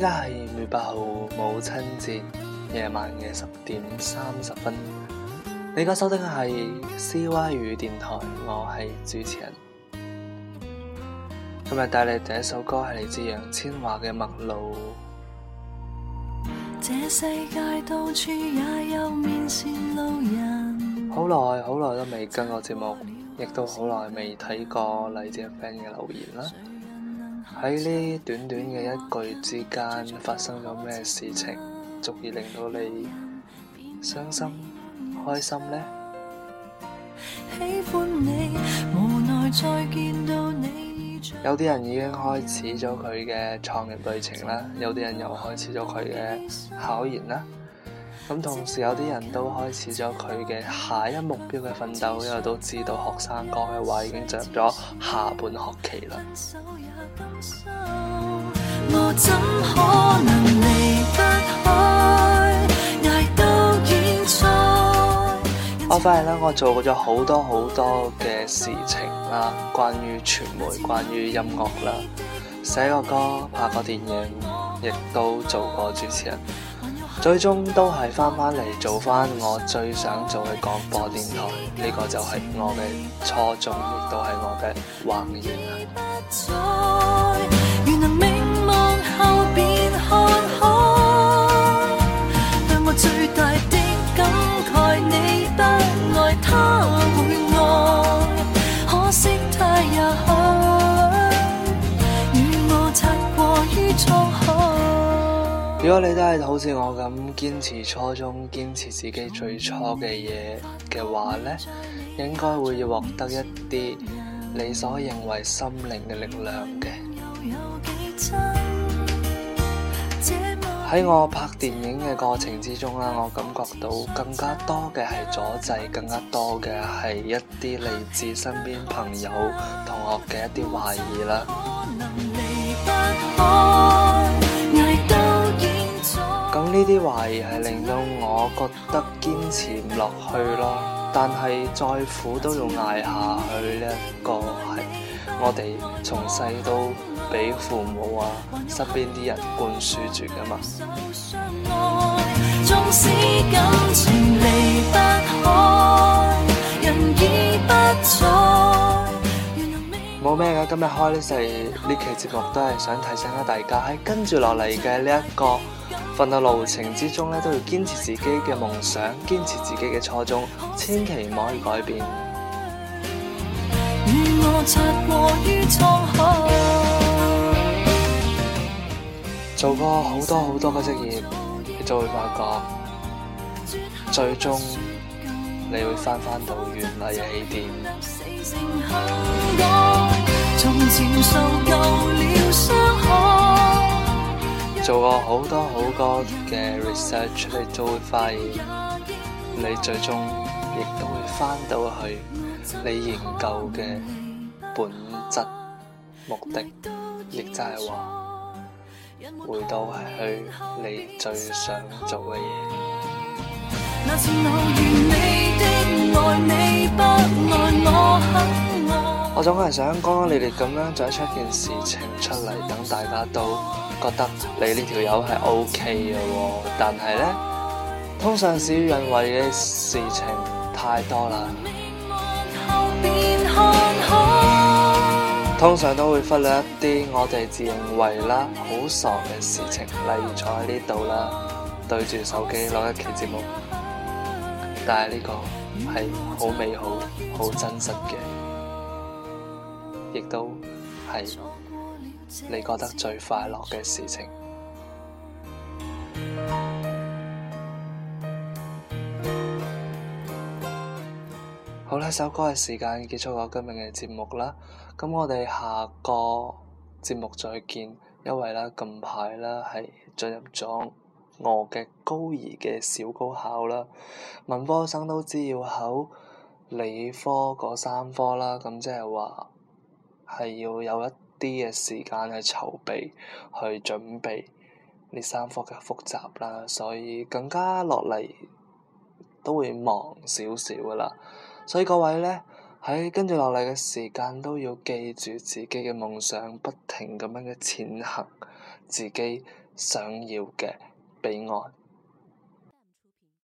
而家係五月八號母親節夜晚嘅十點三十分，你而家收聽嘅係 c y 語電台，我係主持人。今日帶嚟第一首歌係嚟自楊千嬅嘅《陌路人》嗯。好耐好耐都未跟過節目，亦都好耐未睇過嚟只 friend 嘅留言啦。喺呢短短嘅一句之間，發生咗咩事情，足以令到你傷心、開心呢？ 有啲人已經開始咗佢嘅創業旅程啦，有啲人又開始咗佢嘅考研啦。咁同時有啲人都開始咗佢嘅下一目標嘅奮鬥，因為都知道學生哥嘅話已經進入咗下半學期啦。 我翻嚟啦，我做過咗好多好多嘅事情啦，關於傳媒、關於音樂啦，寫過歌、拍過電影，亦都做過主持人。最終都係翻翻嚟做翻我最想做嘅廣播電台，呢、這個就係我嘅初衷，亦都係我嘅宏願。如果你都係好似我咁堅持初衷，堅持自己最初嘅嘢嘅話咧，應該會獲得一啲你所認為心靈嘅力量嘅。喺我拍電影嘅過程之中啦，我感覺到更加多嘅係阻滯，更加多嘅係一啲嚟自身邊朋友、同學嘅一啲懷疑啦。呢啲、嗯、懷疑係令到我覺得堅持唔落去咯，但係再苦都要捱下去。呢一個係我哋從細都俾父母啊、身邊啲人灌輸住噶嘛。咩㗎？今日開呢世呢期節目都係想提醒下大家，喺跟住落嚟嘅呢一個奮鬥路程之中呢，都要堅持自己嘅夢想，堅持自己嘅初衷，千祈唔可以改變。 做過好多好多嘅職業，你就會發覺，最終你會翻返到原來嘅起點。做過好多好多嘅 research 出嚟，就會發現你最終亦都會翻到去你研究嘅本質目的，亦就係話回到去你最想做嘅嘢。總係想轟轟烈烈咁樣再出件事情出嚟，等大家都覺得你呢條友係 OK 嘅喎、哦。但係咧，通常事與願違嘅事情太多啦。通常都會忽略一啲我哋自認為啦好傻嘅事情，例如坐喺呢度啦，對住手機攞一期節目。但係呢個係好美好、好真實嘅。亦都係你覺得最快樂嘅事情。嗯、好啦，首歌嘅時間結束咗今日嘅節目啦。咁我哋下個節目再見。因為呢，近排呢係進入咗我嘅高二嘅小高考啦，文科生都知要考理科嗰三科啦。咁即係話。係要有一啲嘅時間去籌備，去準備呢三科嘅複習啦，所以更加落嚟都會忙少少噶啦。所以各位呢，喺跟住落嚟嘅時間都要記住自己嘅夢想，不停咁樣嘅前行自己想要嘅彼岸。